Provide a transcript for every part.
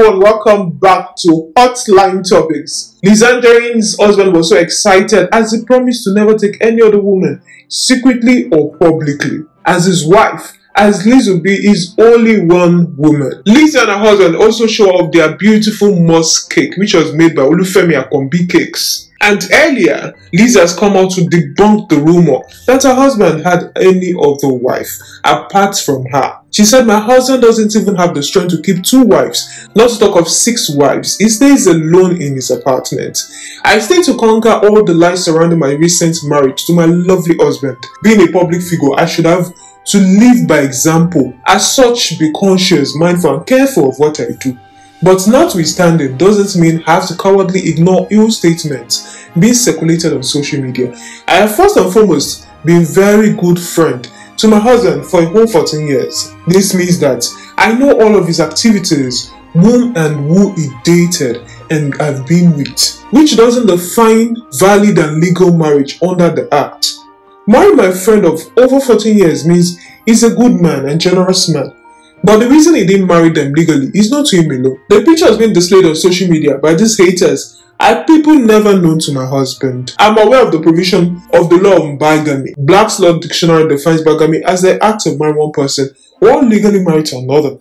everyone, welcome back to Hotline Topics. Lizanderine's husband was so excited as he promised to never take any other woman, secretly or publicly, as his wife, as Liz will be his only one woman. Liz and her husband also show off their beautiful musk cake, which was made by Olufemi Akombi Cakes. And earlier, Lisa has come out to debunk the rumor that her husband had any other wife apart from her. She said, My husband doesn't even have the strength to keep two wives, not to talk of six wives. He stays alone in his apartment. I stay to conquer all the lies surrounding my recent marriage to my lovely husband. Being a public figure, I should have to live by example. As such, be conscious, mindful, and careful of what I do. But notwithstanding doesn't mean I have to cowardly ignore ill statements being circulated on social media. I have first and foremost been very good friend to my husband for a whole 14 years. This means that I know all of his activities, whom and who he dated and I've been with, which doesn't define valid and legal marriage under the act. Marrying my friend of over 14 years means he's a good man and generous man. But the reason he didn't marry them legally is not to him alone. The picture has been displayed on social media by these haters are people never known to my husband? I'm aware of the provision of the law on bigamy. Black's Law Dictionary defines bigamy as the act of marrying one person or legally married to another.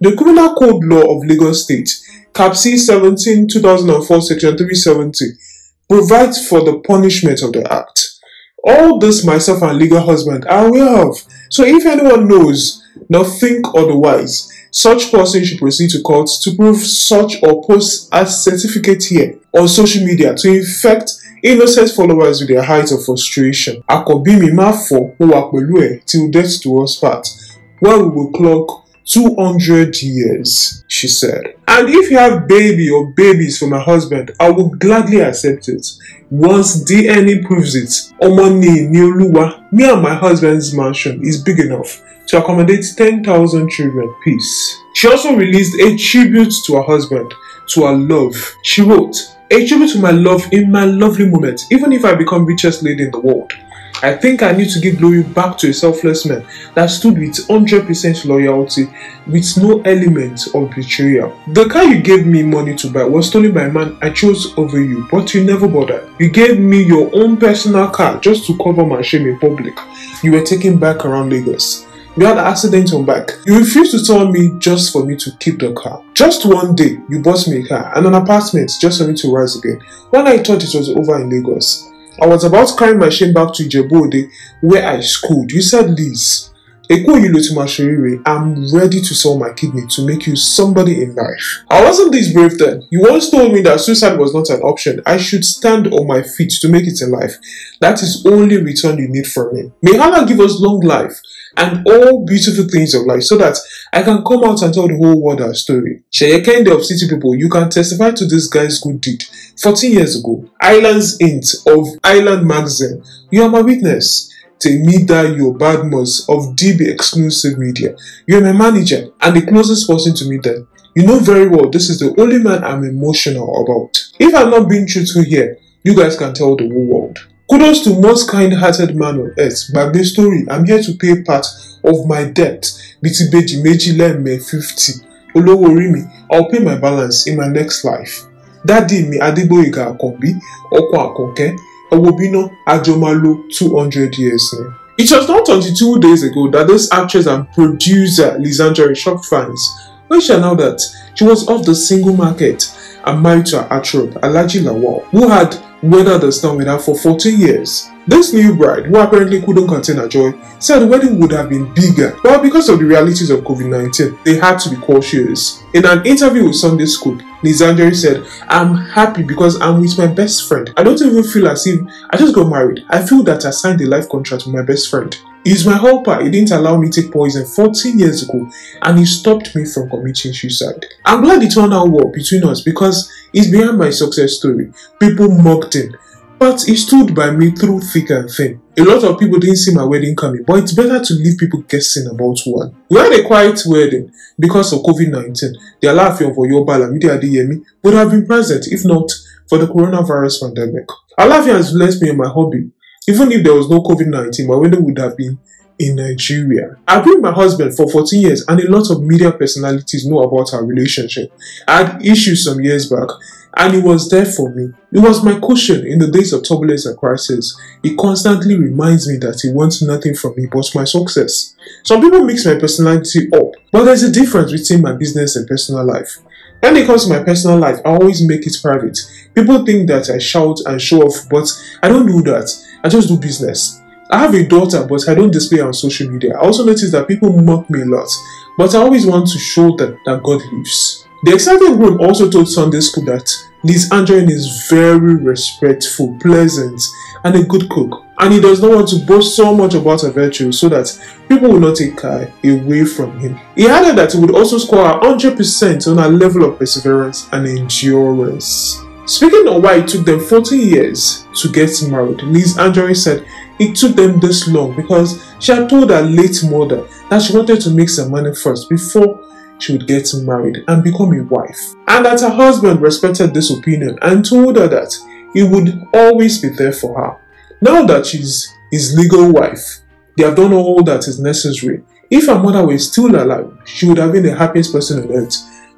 The Criminal Code Law of Legal State, Cap C 17 2004, Section 370, provides for the punishment of the act. All this myself and legal husband are aware of, so if anyone knows, now think otherwise. Such person should proceed to court to prove such or post a certificate here on social media to infect innocent followers with their height of frustration. Akobimi Mafo, who till death to us part, where we will clock 200 years, she said. And if you have baby or babies for my husband, I will gladly accept it. Once DNA proves it, Omoni Nioluwa, me and my husband's mansion is big enough to accommodate 10,000 children. Peace. She also released a tribute to her husband, to her love. She wrote, A tribute to my love in my lovely moment, even if I become richest lady in the world. I think I need to give glory back to a selfless man that stood with 100% loyalty with no element of betrayal. The car you gave me money to buy was stolen by a man I chose over you, but you never bothered. You gave me your own personal car just to cover my shame in public. You were taken back around Lagos. You had an accident on back. You refused to tell me just for me to keep the car. Just one day, you bought me a car and an apartment just for me to rise again. When I thought it was over in Lagos, I was about carrying my shame back to Ijebu where I schooled. You said, Liz, I'm ready to sell my kidney to make you somebody in life. I wasn't this brave then. You once told me that suicide was not an option. I should stand on my feet to make it in life. That is only return you need from me. May Allah give us long life and all beautiful things of life so that I can come out and tell the whole world our story. Sheye kind of City People, you can testify to this guy's good deed. 14 years ago, Islands Int of Island Magazine, you are my witness. Temida Yobadmos of DB Exclusive Media, you are my manager and the closest person to me then. You know very well this is the only man I'm emotional about. If I'm not being truthful here, you guys can tell the whole world. Kudos to most kind-hearted man on earth. By this story, I'm here to pay part of my debt. beji Meji Lemme 50. Olowori I'll pay my balance in my next life. Daddy adibo Adeboyega Akonbi, okwa Akonke, Ewobina Ajomalo 200 years now. It was not 22 days ago that this actress and producer Lisandra shocked fans when she announced that she was off the single market and married to her Alaji Lawal, who had weathered the storm with her for 14 years. This new bride, who apparently couldn't contain her joy, said the wedding would have been bigger, but because of the realities of COVID-19, they had to be cautious. In an interview with Sunday Scoop, Nizanjeri said, I'm happy because I'm with my best friend. I don't even feel as if I just got married. I feel that I signed a life contract with my best friend. He's my helper. He didn't allow me take poison 14 years ago and he stopped me from committing suicide. I'm glad it turned out well between us because he's behind my success story. People mocked him, but he stood by me through thick and thin. A lot of people didn't see my wedding coming, but it's better to leave people guessing about one. We had a quiet wedding because of COVID-19. The Alaafin for Yoruba Lamidi Adeyemi would have been present if not for the coronavirus pandemic. Alaafin has blessed me in my hobby even if there was no COVID 19, my window would have been in Nigeria. I've been with my husband for 14 years and a lot of media personalities know about our relationship. I had issues some years back and he was there for me. He was my cushion in the days of turbulence and crisis. He constantly reminds me that he wants nothing from me but my success. Some people mix my personality up, but there's a difference between my business and personal life. When it comes to my personal life, I always make it private. People think that I shout and show off, but I don't do that. I just do business. I have a daughter, but I don't display her on social media. I also notice that people mock me a lot, but I always want to show that, that God lives. The excited groom also told Sunday school that Liz Angeline is very respectful, pleasant, and a good cook. And he does not want to boast so much about her virtues so that people will not take her away from him. He added that he would also score 100% on her level of perseverance and endurance. Speaking of why it took them 40 years to get married, Liz Andrew said it took them this long because she had told her late mother that she wanted to make some money first before she would get married and become a wife. And that her husband respected this opinion and told her that he would always be there for her. Now that she's his legal wife, they have done all that is necessary. If her mother were still alive, she would have been the happiest person on earth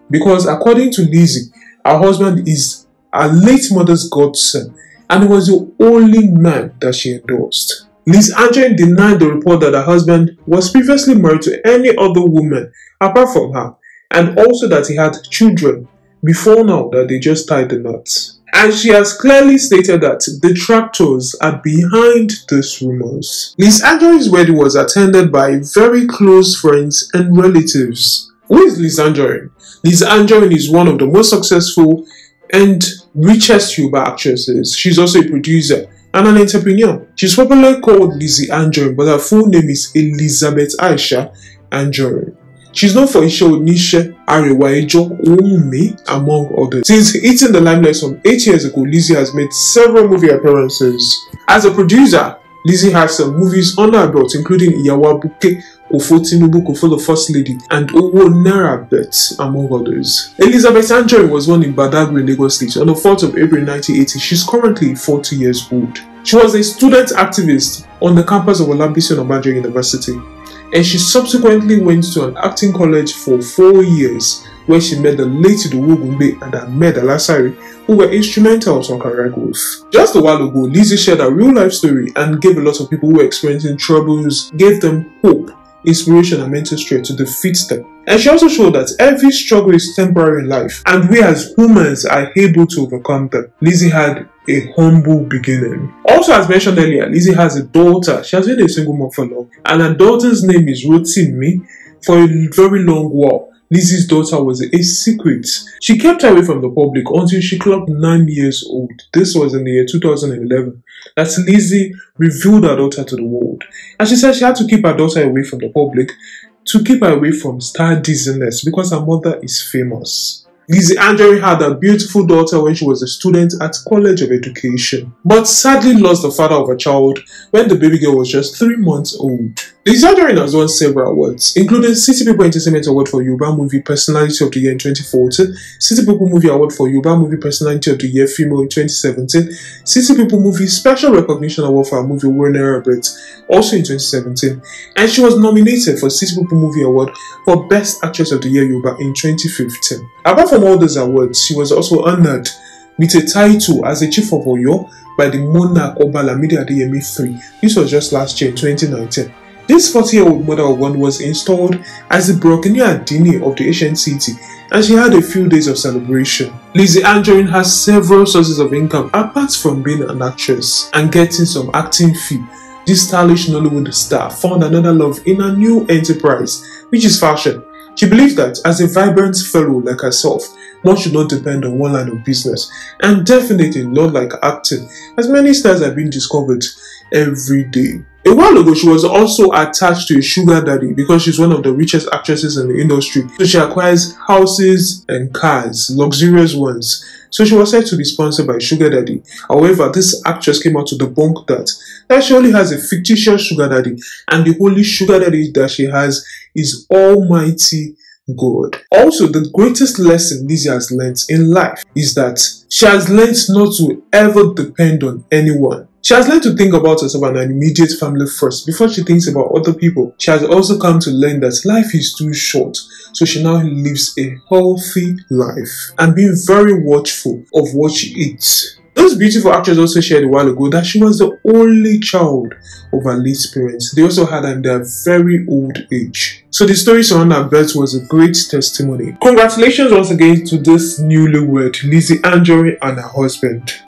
because according to Lizzie, her husband is her late mother's godson, and he was the only man that she endorsed. Liz Anjoy denied the report that her husband was previously married to any other woman apart from her, and also that he had children before now that they just tied the knots. And she has clearly stated that the tractors are behind these rumors. Liz Anjoy's wedding was attended by very close friends and relatives. Who is Liz Anjoy? Liz Anjoy is one of the most successful and richest Yoruba actresses. She's also a producer and an entrepreneur. She's popularly called Lizzie Anjorin, but her full name is Elizabeth Aisha Anjorin. She's known for Isho Nisha, Arewaijo, Omi, among others. Since hitting the limelight some 8 years ago, Lizzie has made several movie appearances. As a producer, Lizzie has some movies under her belt, including Iyawa Buke, Ofo Tinubu Kofolo First Lady, and Owo Narabet, among others. Elizabeth Anjoy was born in Badagry, Lagos State on the 4th of April 1980. She's currently 40 years old. She was a student activist on the campus of Olambisi Obanjo University, and she subsequently went to an acting college for four years where she met the late Idowu and Ahmed Alasari, who were instrumental to her career growth. Just a while ago, Lizzie shared a real life story and gave a lot of people who were experiencing troubles, gave them hope inspiration, and mental strength to defeat them. And she also showed that every struggle is temporary in life, and we as humans are able to overcome them. Lizzie had a humble beginning. Also, as mentioned earlier, Lizzie has a daughter. She has been a single mom for long, and her daughter's name is Rotimi for a very long while. Lizzie's daughter was a secret. She kept away from the public until she clocked 9 years old. This was in the year 2011. That's Lizzie revealed her daughter to the world. And she said she had to keep her daughter away from the public to keep her away from star dizziness because her mother is famous. Lizzie Andrew had a beautiful daughter when she was a student at College of Education, but sadly lost the father of her child when the baby girl was just three months old. The Exaggerant has won several awards, including City People Entertainment Award for Yoruba Movie Personality of the Year in 2014, City People Movie Award for Yoruba Movie Personality of the Year Female in 2017, City People Movie Special Recognition Award for a movie Werner Brett, also in 2017, and she was nominated for City People Movie Award for Best Actress of the Year Yoruba in 2015. Apart from all those awards, she was also honored with a title as a Chief of Oyo by the monarch Media Adeyemi 3. This was just last year, 2019. This 40 year old mother of one was installed as the Burkinyan Dini of the ancient city and she had a few days of celebration. Lizzie Anjorin has several sources of income apart from being an actress and getting some acting fee. This stylish Nollywood star found another love in a new enterprise, which is fashion. She believes that as a vibrant fellow like herself, one should not depend on one line of business, and definitely not like acting, as many stars are being discovered every day. A while ago, she was also attached to a sugar daddy because she's one of the richest actresses in the industry. So she acquires houses and cars, luxurious ones. So she was said to be sponsored by Sugar Daddy. However, this actress came out to debunk that. That she only has a fictitious Sugar Daddy, and the only Sugar Daddy that she has is Almighty good. Also, the greatest lesson Lizzie has learnt in life is that she has learnt not to ever depend on anyone. She has learned to think about herself and her immediate family first before she thinks about other people. She has also come to learn that life is too short, so she now lives a healthy life and being very watchful of what she eats. This beautiful actress also shared a while ago that she was the only child of her late parents. They also had her in their very old age. So the story surrounding her birth was a great testimony. Congratulations once again to this newlywed, Lizzie Anjorin and her husband.